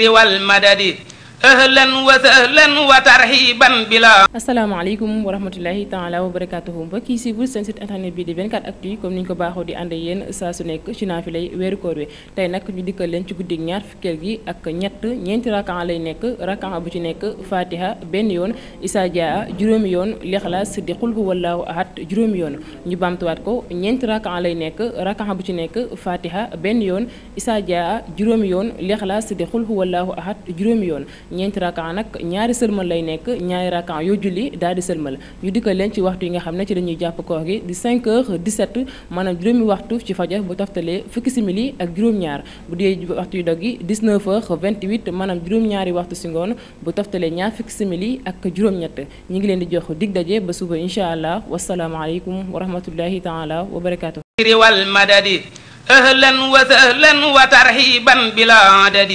wal madadi ahlan wa sahlan wa tarhiban bila asalaamaaleykum wa rahmatullahi taala wa barakaatuhu mbokk yi si seen site internet bi di 24 actu yi comme ni ñu ko baaxoo di ànd ak yéen saa su nekk ci naafila yi weeru koor wi tey nag ñu dikkal leen ci guddi ñaar fukkeel gi ak ñett ñeenti rakan lay nekk rakan bu ci nekk fatiha benn yoon isa jaa juróomi yoon lixlaas di xul hu wallaahu ahad juróomi yoon ñu bamtuwaat ko ñeenti rakan lay nekk rakan bu ci nekk fatiha benn yoon isa jaa juróomi yoon lixlaas di xul hu wallaahu ahad juróomi yoon ñeenti rakan nag ñaari sëlmal lay nekk ñaari rakan yoo julli daal di sëlmal ñu dikkal leen ci waxtu yi nga xam ne ci dañuy jàpp koor gi di 5 heures 17 maanaam juróomi waxtu ci fajar bu taftalee fukki simili ak juróom ñett ñu ngi leen di jox dig daje ba suba incha allah wasalaamaaleykum wa rahmatullahi taala wa barakaatu. riwal madadi ahlan wa sahlan wa tarhiban bila adadi